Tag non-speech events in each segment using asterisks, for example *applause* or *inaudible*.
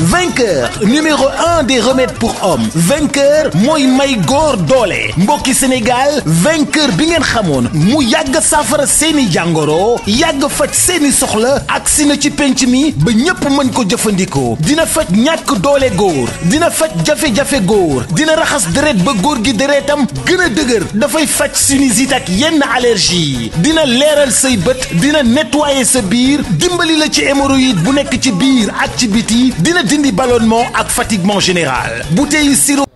vainqueur numéro un des remèdes pour hommes vainqueur mooy may góor doole mbokki Sénégal vainqueur bi ngeen xamoon mu yàgg saafara seeni jàngoro yàgg faj seeni soxla ak si na ci penc mi ba ñépp mën ko jëfandikoo dina faj ñàkk doole góor dina faj jafe-jafe góor dina raxas deret ba góor gi deretam gën a dëgër dafay faj sinusite ak yenn allergie dina leeral say bët dina nettoyer sa biir dimbali la ci hémorroïde bu nekk ci biir ak ci biti bi dina dindi ballonnement ak fatiguement général bouteille sirop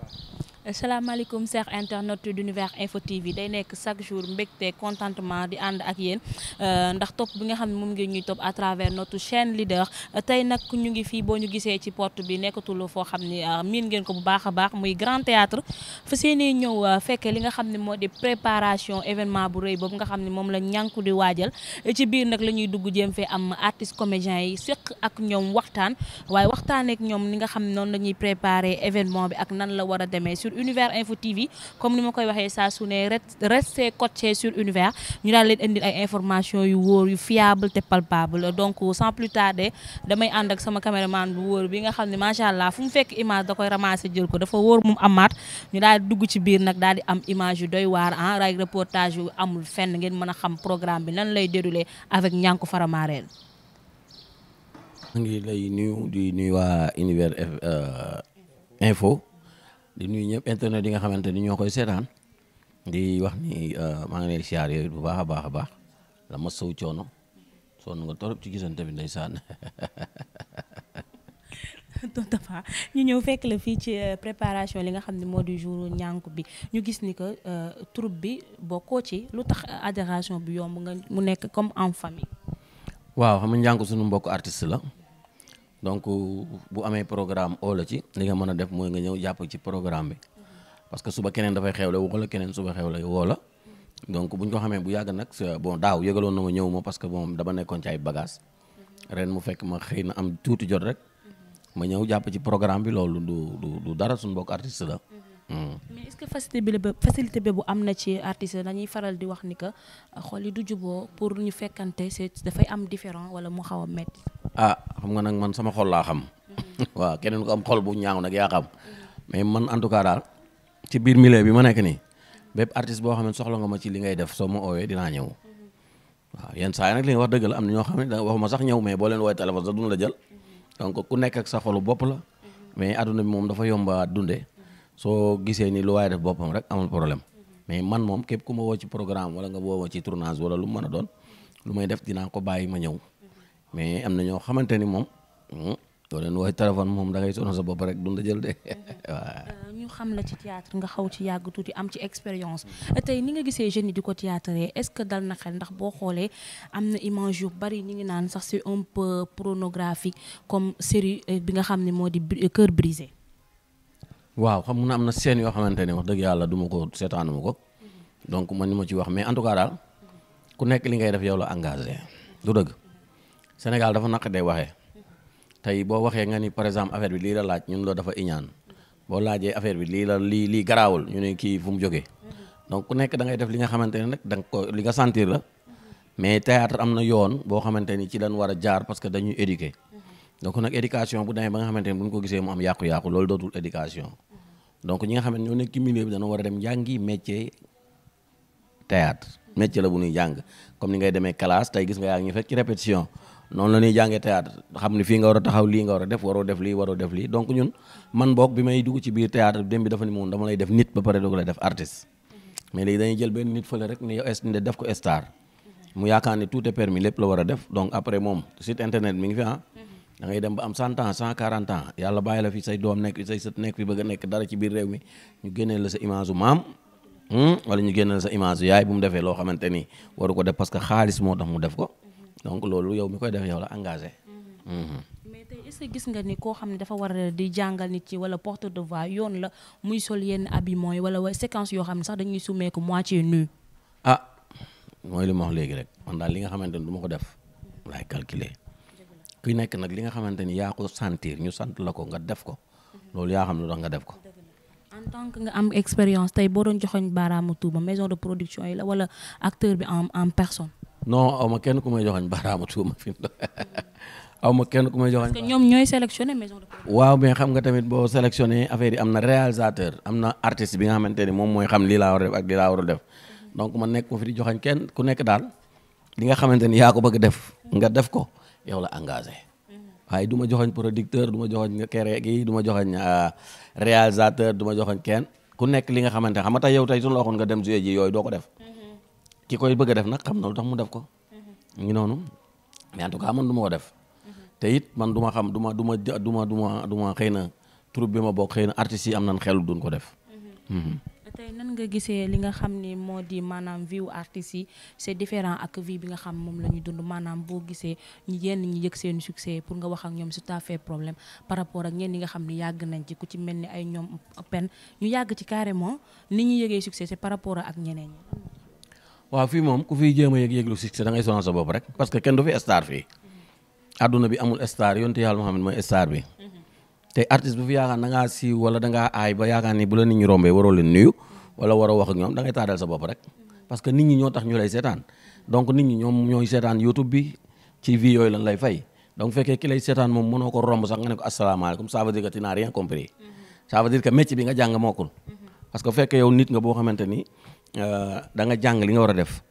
salaamaaleykum chers internautes d'univers info TV day nekk chaque jour mbégte contentement di ànd ak yéen euh, ndax topp bi nga xam ne moom ngi ñuy topp à travers notre chaîne leader tey nag ñu ngi fii boo ñu gisee ci porte bi nekkatul foo xam ne euh, miin ngeen ko bu baax a baax muy grand théâtre fa seeni ñëw euh, fekkee li nga xam ne moo di préparation événement bu rëy boobu nga xam ne moom la ñànku di waajal ci biir nag la ñuy dugg jéem fee am artiste comédien yi séq ak ñoom waxtaan waaye waxtaan ak ñoom li nga xam noonu la ñuy préparer événement bi ak nan la war a demee univers info TV comme ni ma koy waxee saa su ne restez coté sur univers ñu daal leen indil ay information yu wóor yu fiable te palpable donc sans plus tarder damay ànd ak sama caméraman bu wóor bi nga xam ne macha allah fu mu fekk image da koy jël ko dafa wóor moom amaat ñu daal di dugg ci biir nag daal di am image yu doy waar ah ray reportage amul fenn ngeen mën a xam programme bi nan lay déroulé avec Niankou Faramareen maa ngi lay nuyu di nuyu waa univers euh, info di nuyu ñëpp internet yi nga xamante ni ñoo koy seetaan di wax ni euh, maa ngi lay siyaar yooyu bu baax a baax a baax la ma sow coono sonn nga torop ci gisante bi ndeysaan *laughs* tonton Tapha ñu ñëw fekk la fii ci euh, préparation li nga xam ne moo di jour ñànku bi ñu gis ni que euh, troupe bi bokkoo ci lu tax adhésion bi yomb nga mu nekk comme en famille. waaw xam nga ñànku suñu mbokk artist la. donc bu amee programme oo ci li nga mën a def mooy nga ñëw jàpp ci programme bi parce que suba keneen dafay xew xewle woo la keneen suba xewle woo la donc bu ñu ko xamee bu yàgg nag bon daaw yëgaloon na ma ñëw ma parce que bon dama nekkoon ci ay bagages ren mu fekk ma xëy na am tuuti jot rek ma ñëw jàpp ci programme bi loolu du du du dara suñu mbokk artiste la. Hmm. mais est-ce que facilité bi la facilité bu am na ci artiste dañuy faral di wax ni que xol yi du juboo pour ñu fekkante c'est dafay am différent wala mu xaw a métti. ah xam nga nag man sama xol laa xam mm-hmm. *laughs* waaw keneen ko am xol bu ñaaw nag yaa xam mais man en tout cas daal ci biir milieu bi ma nekk nii bépp artiste boo xam ne soxla nga ma ci li ngay def soo ma owee dinaa ñëw mm-hmm. waa yenn saa yi nag li nga wax dëgg la am na ñoo xam ne da waxuma sax ñëw mais boo leen woowee téléphone sax la jël mm-hmm. donc ku nekk ak sa xolu bopp la mais adduna bi moom dafa yomba dundee soo gisee ni lu waaye def boppam rek amul problème mais man moom képp ku ma woo ci programme wala nga woo ci tournage wala lu mu mën a doon lu may def dinaa ko bàyyi ma ñëw mais am na ñoo xamante ni moom hmm, doo leen woowee téléphone moom da ngay sonal sa bopp rek dund jël de *laughs* euh, ñu xam la ci théâtre nga xaw ci yàgg tuuti am ci expérience tey ni nga gisee jeunes yi di ko théâtre est-ce que dal na xel ndax boo xoolee am na image yu bari ñu ngi naan sax c'est un peu pornographique comme série euh, bi nga xam ne moo di euh, cœur brisé. waaw xam na am na scène yoo xamante ne wax dëgg yàlla duma ko seetaanuma ko mhm. donc man ni ma ci wax mais en tout cas daal ku nekk li ngay def yow la engagé du dëgg. Sénégal dafa naq day waxee tey boo waxee nga ni par exemple affaire bi lii la laaj ñun loo dafa iñaan boo laajee affaire bi lii la lii lii garaawul ñu ne kii fu mu jógee donc ku nekk da ngay def li nga xamante ne nag da nga ko li nga la mais théâtre am na yoon boo xamante ni ci lañ war a jaar parce que dañuy éduquer donc nag éducation bu demee ba nga xamante ne bu ñu ko gisee mu am yàqu-yàqu loolu dootul éducation donc ñi nga xam ne ñoo nekk ci milieu bi dañoo war a dem jàngi métier théâtre métier la bu nuy jàng comme ni ngay demee classe tey gis nga yaa ngi fekk ci répétition noonu la ñuy jàngee théâtre xam ne fii nga war a taxaw lii nga war a def waroo def lii waroo def lii donc ñun man boog bi may dugg ci biir théâtre bi dem bi dafa ni moom dama lay def nit ba pare doog lay def artiste mm-hmm. mais léegi dañuy jël benn mm-hmm. mu yaakaar ne tout est lépp la war a def donc moom site internet mi ngi fi ah mm-hmm. da ngay dem ba am cent ans cent quarante ans yàlla bàyyi la fi say doom nekk fi say sët nekk fi bëgg a nekk dara ci biir réew mi ñu génnee la sa image u maam hmm? wala ñu génnee la sa image yaay bu mu defee loo xamante ni waru ko def parce que xaalis moo tax mu def ko donc loolu yow mi koy def yow la engagé. Mm-hmm. Mm-hmm. mais tey est-ce gis nga ni koo xam ne dafa war di jàngal nit ci wala porte de voix yoon la muy sol yenn habillement yi wala séquence yoo xam ne sax dañuy sumeeku moitié nu. ah mooy li ma wax léegi rek man daal li nga xamante ni du ko def laay calculer ku nekk nag li nga xamante ni yaa ko sentir ñu sant la ko nga def ko mm-hmm. loolu yaa xam ne tax nga def ko. en tant que nga am expérience tey boo doon joxoñ baaraamu tuuba maison yi la wala acteur bi en en personne. non aw ma kenn ku may joxoñ baaraamu tuuma fi *laughs* aw ma kenn ku may joxoñ ñoom ñooy sélectionné maison de waaw mais xam nga tamit boo sélectionné affaire am na réalisateur am na artiste bi nga xamante ni moom mooy xam lii laa war a def ak lii laa warul def donc ma nekk ma fi di joxoñ kenn ku nekk daal li nga xamante ni yaa ko bëgg def nga def ko yow la engagé waaye du ma joxoñ producteur du ma joxoñ kere gi du ma joxoñ euh, réalisateur du ma joxoñ kenn ku nekk li nga xamante xam nga yow tey suñu la waxoon nga dem jouer ji yooyu doo ko def ki koy bëgg def nag xam na lu tax mu def ko. mu ngi noonu mais en tout cas man du ma ko def. te it man du ma xam du ma duma ma du ma du ma du ma xëy na troupe bi ma bokk xëy na artistes yi am nañ xelu dun ko def. Mm-hmm. tey nan nga gisee li nga xam ni moo di maanaam vie artistes yi c'est différent ak vie bi nga xam moom la ñu dund maanaam boo gisee ñi yenn ñi yëg seen succès pour nga wax ak ñoom si tout à fait problème par rapport ak ñeen ñi nga xam ni yàgg nañ ci ku ci mel ni ay ñoom pen ñu yàgg ci carrément ni ñuy yëgee succès c'est par rapport ak ñeneen waaw fii moom ku fiy jéem a yëg yëglu succès da sonal sa bopp rek parce kenn du fi star fii adduna bi amul star yonte yàlla Muhammad mooy star bi te artiste bu fi yaakaar da siiw wala da ngaa ba yaakaar ni bu la nit ñi rombee waroo leen nuyu wala waroo wax ñoom da ngay sa bopp rek parce nit ñi ñoo tax ñu lay seetaan donc nit ñi ñoom ñooy seetaan YouTube bi ci vie yooyu lañ lay fay donc fekkee ki seetaan moom mënoo ko romb sax nga Euh, da nga jàng li nga war a def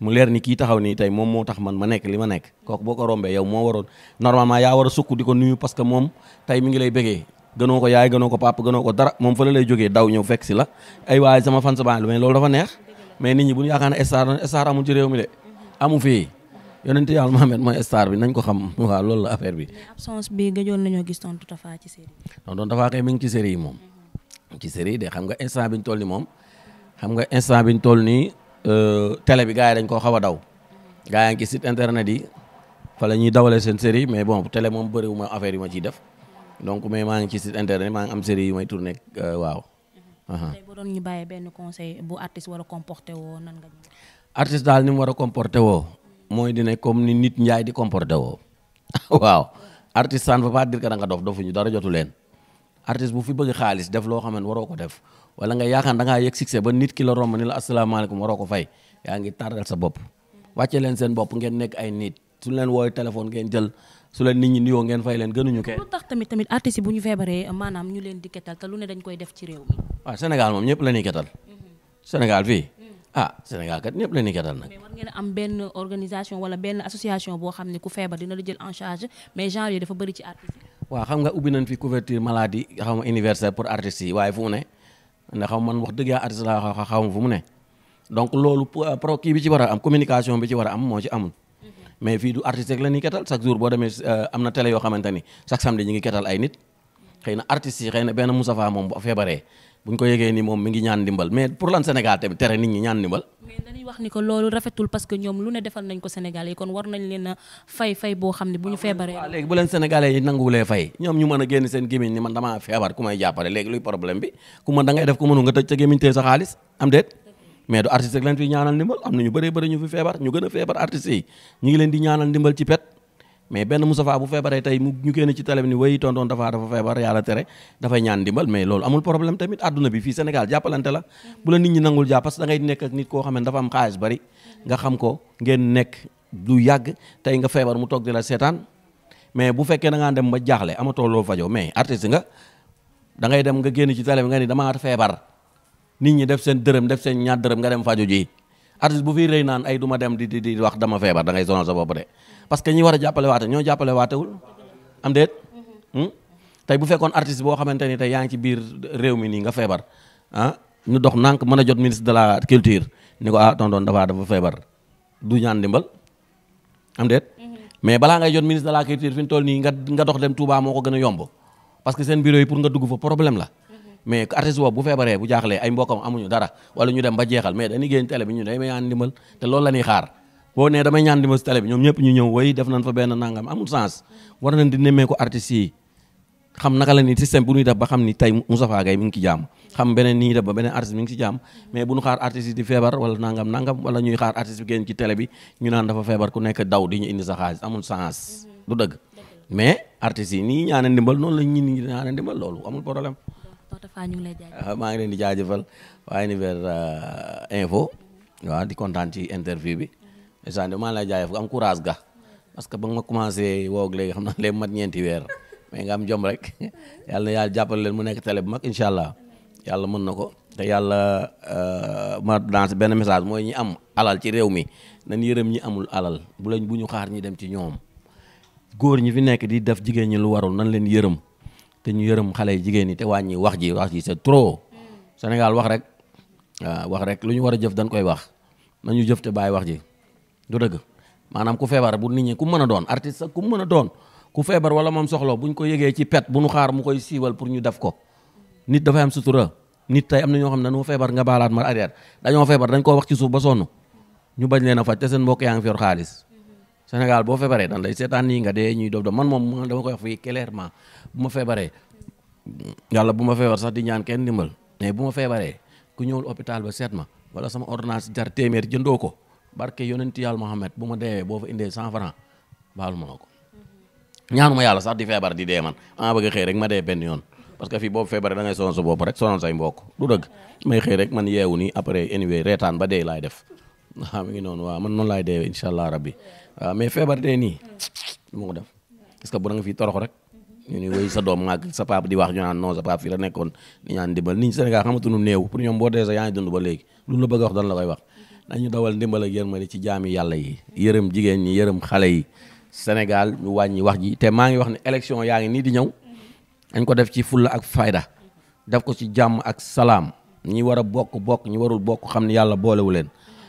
mu leer ni kii taxaw nii tey moom moo tax man ma nekk li ma nekk kooku boo ko rombee yow moo waroon normalement yaa war a sukk di ko nuyu parce que moom tey mi ngi lay bëggee gënoo ko yaay gënoo ko papa gënoo ko dara moom fële lay jógee daw ñëw fekk si la ay waay sama fan sa baa mais loolu dafa neex mais nit ñi bu ñu yaakaar ne star star amul ci réew mi de amu fii yonente yàlla Mohamed mooy star bi nañ ko xam *laughs* waaw lool la affaire bi. absence bi gëjoon nañoo gis moom ci de xam nga instant biñ toll ni xam nga instant biñ toll nii euh, télé bi gars yi dañ koo xaw a daw gars yaa ngi site internet yi fa la ñuy dawalee seen série mais bon télé moom bëriwuma affaire yu ma ciy def donc mais maa ngi ci site internet maa ngi am série yu may tourné euh, waaw. Mhm. tey boo benn conseil bu artiste war a comporté woo nan nga. artiste daal ni mu war a comporté woo mooy dina ne comme ni nit njaay di comporté woo *laughs* waaw artiste ça ne veut pas dire dof dofuñu dara jotu leen. artiste bu fi bëgg xaalis def loo xam ne waroo ko def wala nga yaakaar da ngaa yegg succès ba nit ki romb ni la bopp ngeen nekk nit su leen woowee téléphone ngeen jël su leen nit ñi nuyoo leen gënuñu kay. lu tax tamit tamit artistes yi bu ñu feebaree maanaam ñu leen di ketal te lu ñëpp la ñuy ketal. Mhm. Sénégal fii. Mhm. Ah, ñëpp la ñuy ketal nag. mais wala benn association boo xam ne ku feebar dina la jël en charge mais genre yi dafa bëri ci artistes waaw xam nga ubbi nañ fi couverture maladie xaw ma universelle pour artistes yi waaye fu mu ne ndax xaw man wax dëgg yaa artiste laa xaw ma fu mu ne donc loolu euh, pro kii bi ci war a am communication bi ci war a am moo ci amul mm-hmm. mais fii du artiste rek la ñuy ketal chaque jour boo demee euh, am na télé yoo xamante ni chaque samedi ñu ngi ketal ay nit xëy na artistes yi xëy na benn Moustapha moom bu feebaree bu ñu ko yegee ni moom mi ngi ñaan ndimbal mais pour lan Sénégal tamit tere nit ñi ñaan ndimbal. mais dañuy wax ni ko loolu rafetul parce que ñoom lu ne defal nañ ko Sénégal yi kon war nañ leen a fay ne bu ñu feebaree. waaw léegi bu leen ñoom ñu mën a génn seen gémmiñ ni man damaa feebar ku may jàppale léegi luy problème bi ku mën def ku mënu nga tëj sa gémmiñ tee sa xaalis am déet mais du artiste rek lañ fi ñaanal ndimbal am na ñu bëree bëri ñu fi feebar ñu gën a feebar artiste yi ngi leen di ñaanal ndimbal ci pet mais benn Moustapha bu feebaree tey mu ñu génn ci télé bi ni way tonton Tapha dafa feebar yàlla tere dafay ñaan ndimbal mais loolu amul problème tamit àdduna bi fii Sénégal jàppalante la bu la nit ñi nangul jàpp parce que da ngay nekk ak nit koo xam ne dafa nga xam ko ngeen nekk lu yàgg tey nga feebar mu toog di la seetaan mais bu fekkee da ngaa dem ba jaaxle ama loo fajoo mais artiste nga da ngay dem nga génn ci télé bi nga ni damaa feebar nit ñi def seen dërëm def seen ñaar dërëm nga dem fajo ji artiste bu fi rëy naan ay du ma dem di di di wax dama feebar da ngay sonal sa bopp de parce que ñi war a jàppale waate ñoo jàppale waatewul am déet mm-hmm. hmm? tey bu fekkoon artiste boo xamante ni tey yaa ngi ci biir réew mi nii nga feebar ah ñu dox nank mën a jot ministre de la culture ni ko ah tonton dafa dafa feebar du ñaan dimbal am déet mm-hmm. mais balaa ngay jot ministre de la culture fi mu nii nga nga dox dem Touba moo ko gën a yomb parce que seen bureau pour nga dugg fa problème mais artiste boobu bu feebaree bu jaaxlee ay mbokkam amuñu dara wala ñu dem ba jeexal mais dañuy génn télé bi ñu day ñaan ndimbal te loolu la ñuy xaar boo nee damay ñaan ndimbal si télé bi ñoom ñëpp ñu ñëw way def nañ fa benn nangam amul sens war nañ di nemmee ko artistes yi xam naka la ni système bu ñuy def ba xam ni tey Moustapha Gaye mi ngi ci jàmm xam beneen ni ñuy def ba beneen artiste mi ngi ci jàmm mais bu ñu xaar artistes yi di feebar wala nangam nangam wala ñuy xaar artiste bi génn ci télé bi ñu naan dafa feebar ku nekk daw di ñu indi sa xaalis amul sens du dëgg mm-hmm. mais artistes yi nii ñaane ndimbal noonu la ñi ñi ñaane ndimbal loolu amul problème Tata Fa ñu ah, maa ngi leen di jaajëfal waa Univers euh, info waa di kontaan ci interview bi instant bii maa ngi ga parce que ba ma commencé woog léegi xam naa *laughs* léegi mat ñeenti weer mais nga am jom rek *laughs* yàlla yàlla jàppale leen mu nekk télé bu mag incha allah yàlla mën na ko te yàlla euh, ma dans benn message mooy ñi am alal ci réew mi nañ yërëm ñi amul alal bu lañ bu ñu xaar ñi dem ci ñoom góor ñi fi nekk di def jigéen ñi lu warul nan leen yërëm. te ñu yërëm xale yi jigéen ñi te wàññi wax ji wax ji c'est trop mm. Sénégal wax rek waaw wax rek lu ñu war a jëf dañ koy wax nañu jëf te bàyyi wax ji du dëgg maanaam ku feebar bu nit ñi ku mën a doon artiste sa ku mën a doon ku feebar wala moom soxlo buñ ko yëgee ci pet bu nu xaar mu koy siiwal pour ñu def ko nit dafay am sutura nit tey am na ñoo xam ne dañoo feebar nga baalaat ma arrière dañoo feebar dañ koo wax ci suuf ba sonn ñu bañ leen a faj te seen mbokk yaa ngi fi xaalis Sénégal boo feebaree dan seetaan nii nga dee ñuy dof dof man moom dama koy wax fii clairement bu ma feebaree yàlla bu ma feebar sax di ñaan kenn ndimbal mais bu ma feebaree ku ñëwul hôpital ba seet ma wala sama ordonnance jar téeméer jëndoo ko barke yonenti yàlla Mohamed bu ma deewee boo fa indee cent franc baalu ma la ko ñaanu ma yàlla sax di feebar di dee man ama bëgg xëy rek ma dee benn yoon parce que fii boobu feebaree da ngay sonal rek sonal say mbokk du may xëy rek man yeewu nii après anyway reetaan ba dee laay def waaw ah, mi ngi noonu waaw man noonu laay deewee incha allah rabbi waaw mais feebar dee nii lu ma def parce que bu na nga fii torox rek ñu ni wéy sa doom maag sa papa di wax ñu naan non sa papa fii la nekkoon di ñaan ndimbal nit ñi xamatu xamatuñu néew pour ñoom boo dee sa yaa ngi dund ba léegi lu la bëgg wax dan la koy wax nañu dawal ndimbal ak yërmande ci jaami yàlla yi yërëm jigéen ñi yërëm xale yi Sénégal ñu wàññi wax ji te maa ngi wax ne élection yaa ngi nii di ñëw dañ ko def ci fulla ak fayda def ko ci jàmm ak salaam ñi war a bokk bokk ñi warul bokk xam ne yàlla boolewu leen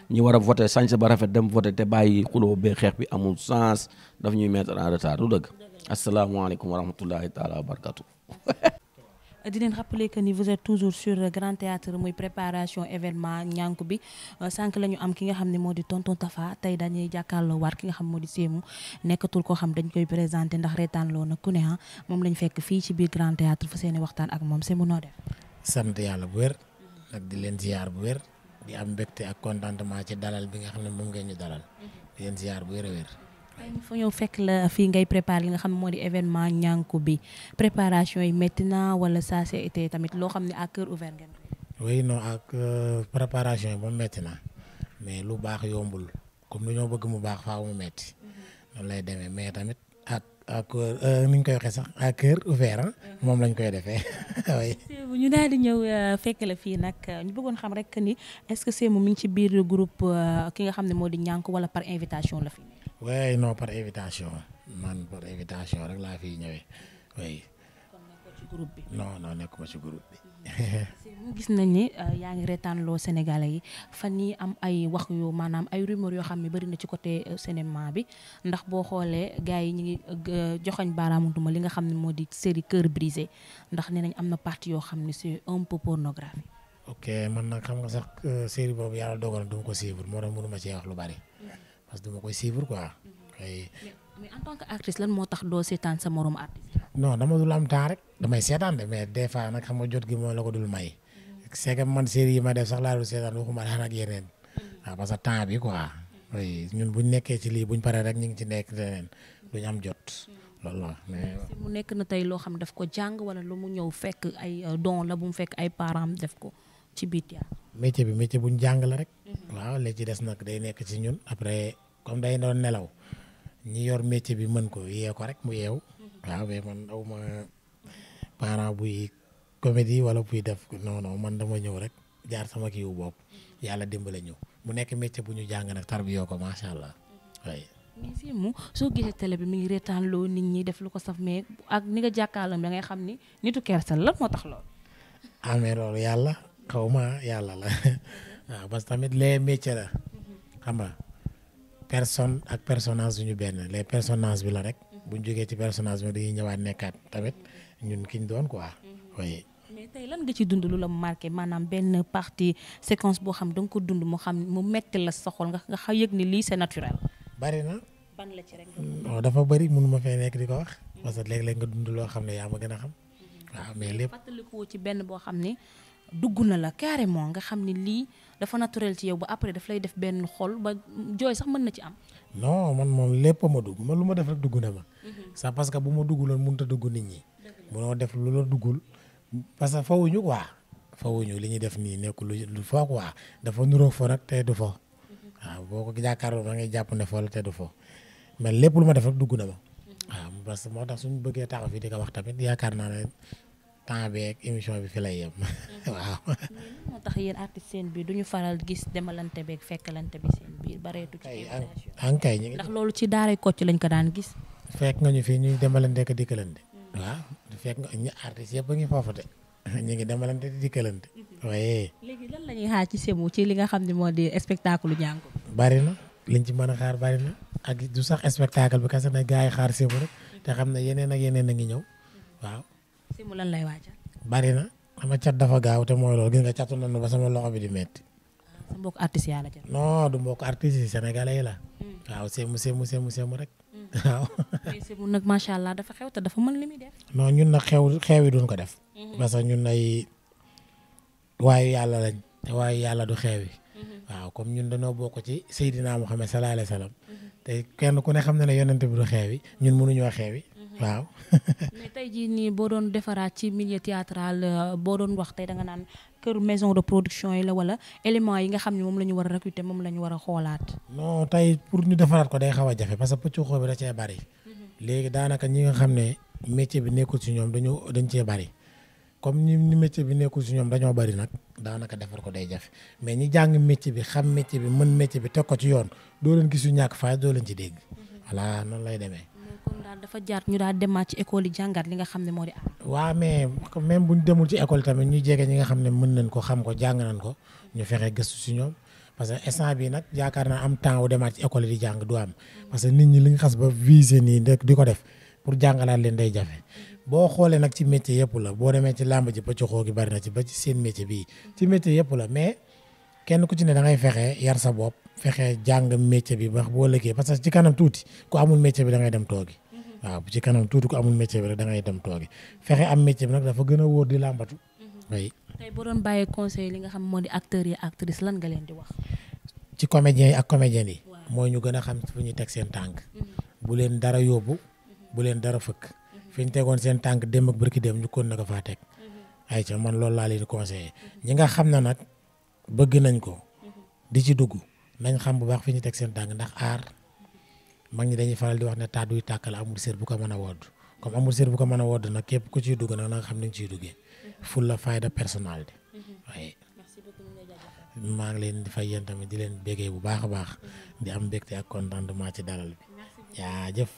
ñu war a voté sañse ba rafet dem voté te bàyyi xuloo bee xeex bi amul sens daf ñuy mettre en retard du dëgg asalaamaaleykum wa rahmatullahi taala wa barakatu *laughs* di leen rappeler que ni vous êtes sur Grand Théâtre préparation événement ñànk bi euh, sànq la ñu am ki nga xam ne moo di tonton Tafa tey dañuy jàkkaarloo waat ki nga xam moo di Sémou nekkatul koo xam dañ koy présenté ndax loo na ku ne ah moom lañ fekk fii ci biir Grand Théâtre fa seeni waxtaan ak moom Sémou noo def sant yàlla bu wér ak di leen ziar bu wér di am mbégte ak contentement ci dalal bi nga xam ne moom ngeen ñu dalal. Mhm. di leen ziar bu wér wér. fu ñëw fekk la fii ngay préparer li nga xam ne moo di événement ñànku bi préparation yi métti na wala ça c'est été tamit loo xam ne à cœur ouvert ngeen. oui non ak euh, préparation yi moom métti na mais lu baax yombul comme lu ñoo bëgg mu baax faaw mu métti. Mhm. noonu lay demee mais tamit à cœur euh, ni koy waxee sax à cœur ouvert mhm. moom lañ koy defee *laughs* ñu daal di ñëw euh, fekk la fii nag ñu bëggoon xam rek ni est-ce que Sémou mu ngi ci biir groupe euh, ki nga xam ne moo di ñànk wala par invitation la fi. oui non par invitation man par invitation rek laa fi ñëwee oui. kon nekkoo ci groupe bi. non non nekkuma ci groupe bi. gis nañ ni yaa ngi reetaan loo Sénégalais yi fan yi am ay wax yu maanaam ay rumeur yoo xam ni bëri na ci côté cinéma bi ndax boo xoolee gars yi ñu ngi joxoñ baaraamu duma li nga xam ne moo di série Cœur brisé ndax nee nañ am na partie yoo xam ne c'est un peu pornographique. ok man nag xam nga sax euh, série boobu yàlla dogal na du ma ko suivre moo tax mënuma cee wax lu bari parce que du ma koy suivre quoi. mais en tant que actrice lan moo tax doo seetaan sa morom artiste. non dama dul am temps rek damay seetaan de mais des fois nag xam nga jot gi mooy la ko dul may. Mhm. c'est man série yi ma def sax laa dul seetaan waxuma daan ak yeneen. Mhm. Ah, parce que temps bi quoi. oui ñun buñ nekkee ci lii buñ paree rek ñu ngi ci nekk leneen duñ am jot. Mhm. loolu la mais. mu nekk na tey loo xam daf ko jàng wala lu mu ñëw fekk ay euh, don la bu mu fekk ay parents def ko ci biir yaa. métier bi métier buñ jàng la rek. waaw léegi ci des nag day nekk ci ñun après comme day doon nelaw ñu yor métier bi mën ko yee ko rek mu yeew. waaw mais man aw ma parent buy comédie wala buy def non man dama ñëw rek jaar sama kiiwu bopp yàlla dimbale ñëw bu nekk métier bu ñu jàng nag tarbiyoo ko macha allah mm-hmm. waaye. mais mu soo gisee télé bi mi ngi reetaan loo nit ñi def lu ko saf mais ak ni nga jàkkaarloo da ngay xam ni nitu kersal la moo tax lool. ah loolu yàlla xaw ma yàlla la waaw *laughs* ah, parce que tamit les métiers la mm-hmm. xam nga personne ak personnage suñu benn les personnages bi la rek. buñ jógee ci personnage bi dañuy ñëwaat nekkaat tamit ñun kiñ doon quoi mm-hmm. oui. mais tey lan nga ci dund lu la mu marqué maanaam benn partie séquence boo xam da nga ko dund mu xam mu metti la sa xol nga nga yëg ni lii c'est naturel. bari na. ban la rek. Mm, oh, dafa bari mënuma fee nekk di ko parce que léeg-léeg nga dund loo xam ne yaa ma gën a xam. Mm-hmm. waaw mais lépp fàttalikoo ci benn boo xam ne dugg na la carrément nga xam ni lii dafa naturel ci yow ba après daf lay def benn xol ba jooy sax mën na ci am. non man moom lépp ma dugg ma lu ma def rek dugg na ma. Mhm. ça parce que bu ma dugguloon mënut ta dugg nit ñi. munoo def lu la duggul parce que fawuñu quoi. fawuñu li ñuy def nii nekkul lu foo quoi dafa nuroog fo rek te du fo. Mhm. waaw boo ko jàkkaarloo da ngay jàpp ne fo la te du fo mais lépp lu ma def rek dugg na ma. Mhm. a parce que moo tax suñu bëggee taxaw fii di ko wax tamit yaakaar naa ne temps beeg émission bi fi lay yem mhm. *laughs* waaw. moo tax seen biir duñu ñu faral gis demalante beeg fekkalante bi seen biir bareetu ci ankay ñu ndax loolu ci daaray Kocc lañ ko daan gis. fekk nga ñu fii ñuy demalante ko dikkalante. Mhm. waaw fekk nga ñu artistes yëpp a ngi foofu de. *laughs* ñu ngi demalante di dikkalante. Mhm. waaye. léegi lan la xaar ci Sémou ci li nga xam ni moo di spectacle jàngu. bari na liñ ci mën a xaar bari na ak du sax spectacle bi kese na gars yi xaar Sémou te xam ne yeneen ak yeneen a ngi ñëw mu lan lay waajal. bari na xam nga cat dafa gaaw te mooy loolu gis nga catu nañu ba sama loxo bi di metti ah, sa mbokk artiste yaa la ca. non du mbokk artiste yi sénégalais yi la. Hmm. waaw séemu séemu séemu séemu rek. Hmm. *laughs* waaw. mais nag macha allah dafa xew te dafa mën li muy def. ñun nag xew xew yi duñ ko def. Hmm. parce que ñun ay yàlla lañ te yàlla du xew yi. waaw comme ñun dañoo bokk ci Seydina Mouhamed sallallahu alayhi wa sallam. te kenn ku ne xam na ne yonent bi du xew yi ñun mënuñoo xew yi. waaw *laughs* mais tey jii nii boo doon defaraat ci milieu théâtral euh, boo doon wax tey da nga naan kër maison de production yi la wala élément yi nga xam ne moom la ñu war a recruter moom la ñu war a xoolaat. non tey pour ñu defaraat ko day xaw a jafe parce que pëccu xoo bi da cee bari. Mhm. léegi daanaka ñi nga xam ne métier bi nekkul ci ñoom dañu dañ cee bari comme ñi ni métier bi nekkul ci ñoom dañoo bari nag daanaka defar ko day jafe mais ñi jàng métier bi xam métier bi mën métier bi teg ko ci yoon doo leen gis yu ñàkk fay doo leen ci dégg. Mhm. voilà noonu lay demee. kon daal dafa jaar ñu daal demaat ci école yi jàngat li nga xam ne moo di aar. waaw mais même bu ñu ci école tamit ñu jege ñi nga xam ne mën nañ ko xam ko jàng nañ ko ñu fexe gëstu si ñoom parce que instant bi nag yaakaar naa am temps wu demaat ci école yi di jàng du am parce que nit ñi li nga xas ba visé nii rek di ko def pour jàngalaat leen day jafe. boo xoolee nag ci métier yëpp la boo demee ci làmb ji ba ci xoo gi bari na ci ba ci seen métier bii ci métier yëpp la mais kenn ku ci ne da ngay fexe yar sa bopp. fexe jàng métier bi bax boo lëggee parce que ci kanam tuuti ku amul métier bi da ngay dem toogi mm-hmm. waaw ci kanam tuuti ku amul métier bi rek da ngay dem toogi fexe am métier bi nag dafa gën a wóor di làmbatu way mm-hmm. tey boo doon bàyyee conseil li nga xam moo di acteurs yi actrice lan nga leen di wax ci comédiens ak comédiennes yi mooy ñu gën a xam fu ñu teg seen tànk mm-hmm. bu leen dara yóbbu bu leen dara fëkk fi tegoon seen tànk dem ak barki dem ñu kon na ko faa teg ay ca man loolu laa leen di conseillé ñi nga xam ne nag bëgg nañ ko di ci dugg nañ xam bu baax fi ñu teg seen tànk ndax aar mag ñi dañuy faral di wax ne taat buy tàkk la amul sër bu ko mën a wodd comme amul sër bu ko mën a wodd nag képp ku ciy dugg nag na nga xam ni ciy duggee ful la fayda personnalité mhm. waaye maa ngi leen di fay yéen tamit di leen bégee bu baax a baax di am mbégte ak contentement ci dalal bi jëf